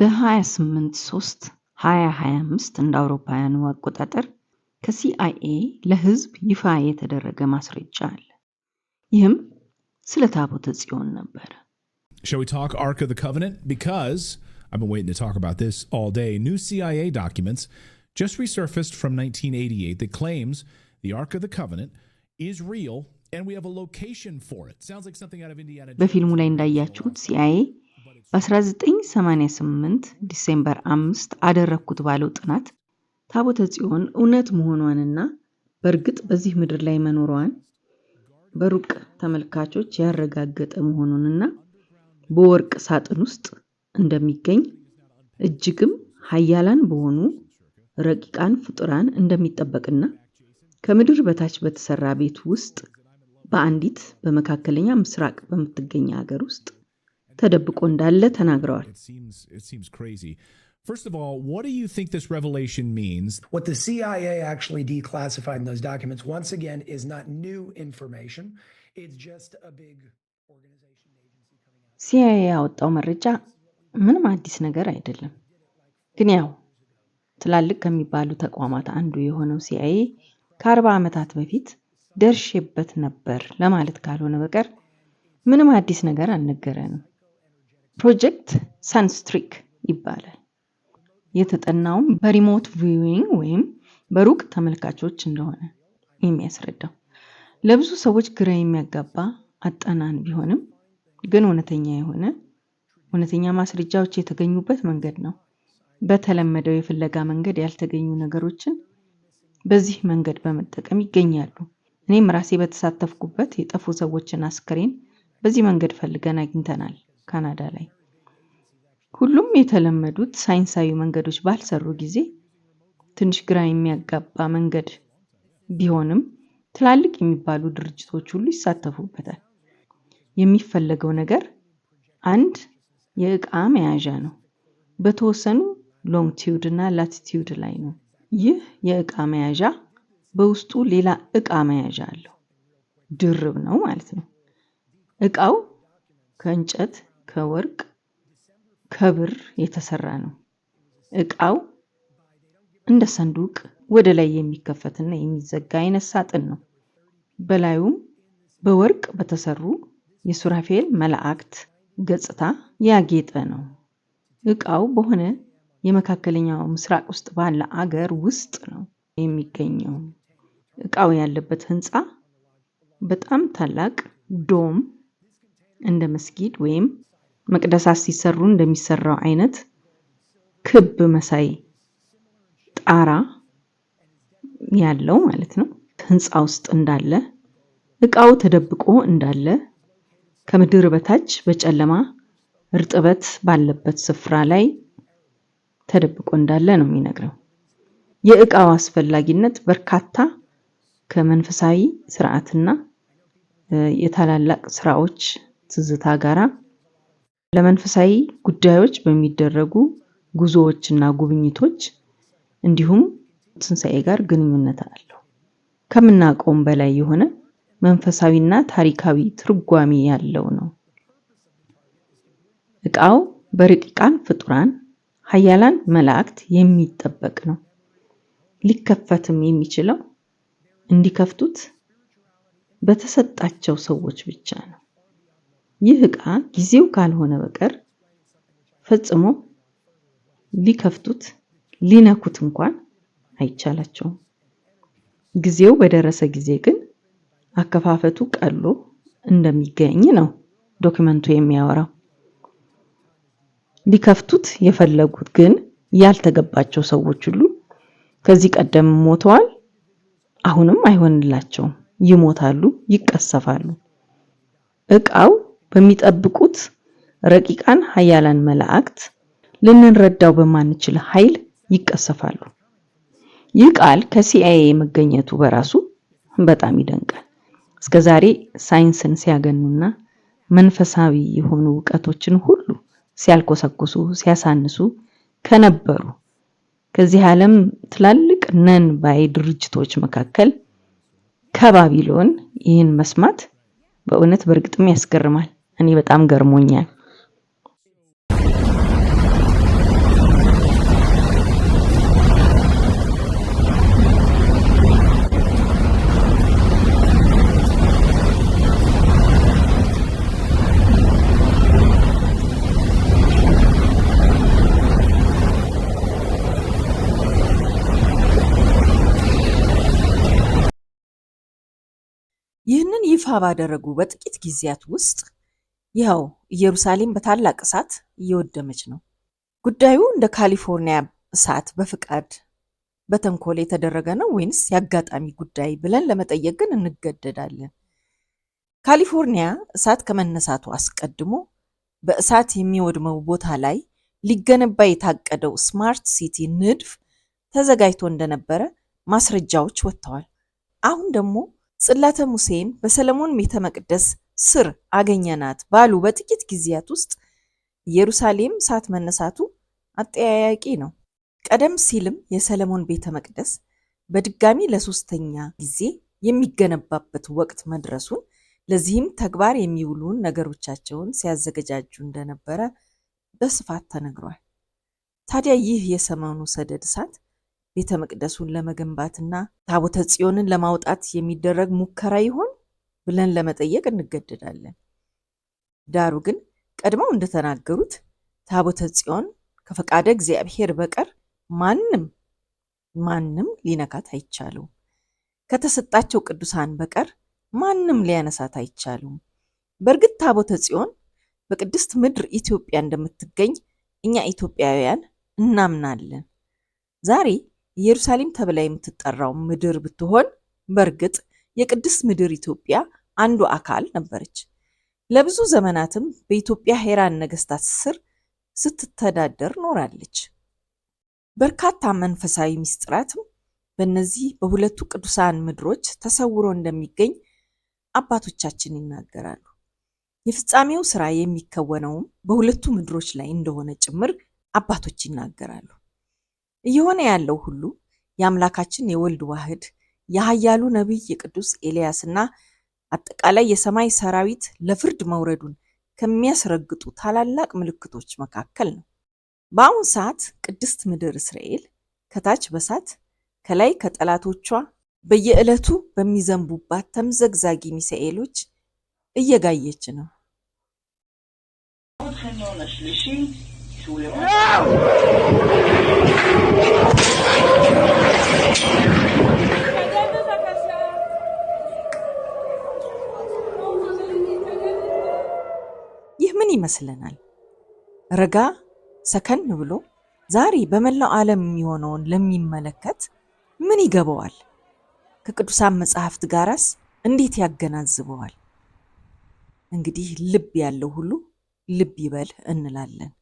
በ28 2025 እንደ አውሮፓውያኑ አቆጣጠር ከሲአይኤ ለሕዝብ ይፋ የተደረገ ማስረጃ አለ። ይህም ስለ ታቦተ ጽዮን ነበር። Shall we talk Ark of the Covenant? Because I've been waiting to talk about this all day. New CIA documents just resurfaced from 1988 that claims the Ark of the Covenant is real and we have a location for it. Sounds like something out of Indiana. በፊልሙ ላይ እንዳያችሁት ሲአይኤ በ1988 ዲሴምበር 5 አደረግኩት ባለው ጥናት ታቦተ ጽዮን እውነት መሆኗንና በእርግጥ በዚህ ምድር ላይ መኖሯን በሩቅ ተመልካቾች ያረጋገጠ መሆኑንና በወርቅ ሳጥን ውስጥ እንደሚገኝ እጅግም ሀያላን በሆኑ ረቂቃን ፍጡራን እንደሚጠበቅና ከምድር በታች በተሰራ ቤት ውስጥ በአንዲት በመካከለኛ ምስራቅ በምትገኝ ሀገር ውስጥ ተደብቆ እንዳለ ተናግረዋል። ሲአይኤ ያወጣው መረጃ ምንም አዲስ ነገር አይደለም። ግን ያው ትላልቅ ከሚባሉ ተቋማት አንዱ የሆነው ሲአይኤ ከአርባ ዓመታት በፊት ደርሼበት ነበር ለማለት ካልሆነ በቀር ምንም አዲስ ነገር አልነገረንም። ፕሮጀክት ሰንስትሪክ ይባላል። የተጠናውም በሪሞት ቪዊንግ ወይም በሩቅ ተመልካቾች እንደሆነ የሚያስረዳው ለብዙ ሰዎች ግራ የሚያጋባ አጠናን ቢሆንም ግን እውነተኛ የሆነ እውነተኛ ማስረጃዎች የተገኙበት መንገድ ነው። በተለመደው የፍለጋ መንገድ ያልተገኙ ነገሮችን በዚህ መንገድ በመጠቀም ይገኛሉ። እኔም ራሴ በተሳተፍኩበት የጠፉ ሰዎችን አስክሬን በዚህ መንገድ ፈልገን አግኝተናል። ካናዳ ላይ ሁሉም የተለመዱት ሳይንሳዊ መንገዶች ባልሰሩ ጊዜ ትንሽ ግራ የሚያጋባ መንገድ ቢሆንም ትላልቅ የሚባሉ ድርጅቶች ሁሉ ይሳተፉበታል። የሚፈለገው ነገር አንድ የእቃ መያዣ ነው። በተወሰኑ ሎንግቲዩድ እና ላቲቲዩድ ላይ ነው። ይህ የእቃ መያዣ በውስጡ ሌላ እቃ መያዣ አለው። ድርብ ነው ማለት ነው። እቃው ከእንጨት ከወርቅ ከብር የተሰራ ነው። እቃው እንደ ሰንዱቅ ወደ ላይ የሚከፈትና የሚዘጋ አይነት ሳጥን ነው። በላዩም በወርቅ በተሰሩ የሱራፌል መላእክት ገጽታ ያጌጠ ነው። እቃው በሆነ የመካከለኛው ምስራቅ ውስጥ ባለ አገር ውስጥ ነው የሚገኘው። እቃው ያለበት ህንፃ በጣም ታላቅ ዶም እንደ መስጊድ ወይም መቅደሳት ሲሰሩ እንደሚሰራው አይነት ክብ መሳይ ጣራ ያለው ማለት ነው። ህንፃ ውስጥ እንዳለ እቃው ተደብቆ እንዳለ ከምድር በታች በጨለማ እርጥበት ባለበት ስፍራ ላይ ተደብቆ እንዳለ ነው የሚነግረው። የእቃው አስፈላጊነት በርካታ ከመንፈሳዊ ስርዓትና የታላላቅ ስራዎች ትዝታ ጋራ ለመንፈሳዊ ጉዳዮች በሚደረጉ እና ጉብኝቶች እንዲሁም ትንሣኤ ጋር ግንኙነት አለው። ከምናውቀውም በላይ የሆነ መንፈሳዊና ታሪካዊ ትርጓሜ ያለው ነው። እቃው በረቂቃን ፍጡራን ኃያላን መላእክት የሚጠበቅ ነው። ሊከፈትም የሚችለው እንዲከፍቱት በተሰጣቸው ሰዎች ብቻ ነው። ይህ ዕቃ ጊዜው ካልሆነ በቀር ፈጽሞ ሊከፍቱት ሊነኩት እንኳን አይቻላቸውም። ጊዜው በደረሰ ጊዜ ግን አከፋፈቱ ቀሎ እንደሚገኝ ነው ዶክመንቱ የሚያወራው። ሊከፍቱት የፈለጉት ግን ያልተገባቸው ሰዎች ሁሉ ከዚህ ቀደም ሞተዋል፣ አሁንም አይሆንላቸውም፣ ይሞታሉ፣ ይቀሰፋሉ። እቃው በሚጠብቁት ረቂቃን ኃያላን መላእክት ልንረዳው በማንችል ኃይል ይቀሰፋሉ። ይህ ቃል ከሲአይኤ መገኘቱ በራሱ በጣም ይደንቃል። እስከ ዛሬ ሳይንስን ሲያገኑና መንፈሳዊ የሆኑ እውቀቶችን ሁሉ ሲያልኮሰኩሱ ሲያሳንሱ ከነበሩ ከዚህ ዓለም ትላልቅ ነን ባይ ድርጅቶች መካከል ከባቢሎን ይህን መስማት በእውነት በእርግጥም ያስገርማል። እኔ በጣም ገርሞኛል። ይህንን ይፋ ባደረጉ በጥቂት ጊዜያት ውስጥ ይኸው ኢየሩሳሌም በታላቅ እሳት እየወደመች ነው። ጉዳዩ እንደ ካሊፎርኒያ እሳት በፍቃድ በተንኮል የተደረገ ነው ወይንስ የአጋጣሚ ጉዳይ ብለን ለመጠየቅ ግን እንገደዳለን። ካሊፎርኒያ እሳት ከመነሳቱ አስቀድሞ በእሳት የሚወድመው ቦታ ላይ ሊገነባ የታቀደው ስማርት ሲቲ ንድፍ ተዘጋጅቶ እንደነበረ ማስረጃዎች ወጥተዋል። አሁን ደግሞ ጽላተ ሙሴን በሰለሞን ቤተ መቅደስ ስር አገኘናት ባሉ በጥቂት ጊዜያት ውስጥ ኢየሩሳሌም እሳት መነሳቱ አጠያያቂ ነው። ቀደም ሲልም የሰለሞን ቤተ መቅደስ በድጋሚ ለሶስተኛ ጊዜ የሚገነባበት ወቅት መድረሱን ለዚህም ተግባር የሚውሉን ነገሮቻቸውን ሲያዘገጃጁ እንደነበረ በስፋት ተነግሯል። ታዲያ ይህ የሰሞኑ ሰደድ እሳት ቤተ መቅደሱን ለመገንባትና ታቦተ ጽዮንን ለማውጣት የሚደረግ ሙከራ ይሆን? ብለን ለመጠየቅ እንገደዳለን። ዳሩ ግን ቀድመው እንደተናገሩት ታቦተ ጽዮን ከፈቃደ እግዚአብሔር በቀር ማንም ማንም ሊነካት አይቻሉም። ከተሰጣቸው ቅዱሳን በቀር ማንም ሊያነሳት አይቻሉም። በእርግጥ ታቦተ ጽዮን በቅድስት ምድር ኢትዮጵያ እንደምትገኝ እኛ ኢትዮጵያውያን እናምናለን። ዛሬ ኢየሩሳሌም ተብላ የምትጠራው ምድር ብትሆን በእርግጥ የቅድስት ምድር ኢትዮጵያ አንዱ አካል ነበረች። ለብዙ ዘመናትም በኢትዮጵያ ሄራን ነገስታት ስር ስትተዳደር ኖራለች። በርካታ መንፈሳዊ ምስጢራትም በእነዚህ በሁለቱ ቅዱሳን ምድሮች ተሰውሮ እንደሚገኝ አባቶቻችን ይናገራሉ። የፍጻሜው ስራ የሚከወነውም በሁለቱ ምድሮች ላይ እንደሆነ ጭምር አባቶች ይናገራሉ። እየሆነ ያለው ሁሉ የአምላካችን የወልድ ዋህድ የኃያሉ ነቢይ የቅዱስ ኤልያስና አጠቃላይ የሰማይ ሰራዊት ለፍርድ መውረዱን ከሚያስረግጡ ታላላቅ ምልክቶች መካከል ነው። በአሁን ሰዓት ቅድስት ምድር እስራኤል ከታች በሳት ከላይ ከጠላቶቿ በየዕለቱ በሚዘንቡባት ተምዘግዛጊ ሚሳኤሎች እየጋየች ነው። ይመስለናል። ረጋ ሰከን ብሎ ዛሬ በመላው ዓለም የሚሆነውን ለሚመለከት ምን ይገባዋል? ከቅዱሳን መጽሐፍት ጋራስ እንዴት ያገናዝበዋል? እንግዲህ ልብ ያለው ሁሉ ልብ ይበል እንላለን።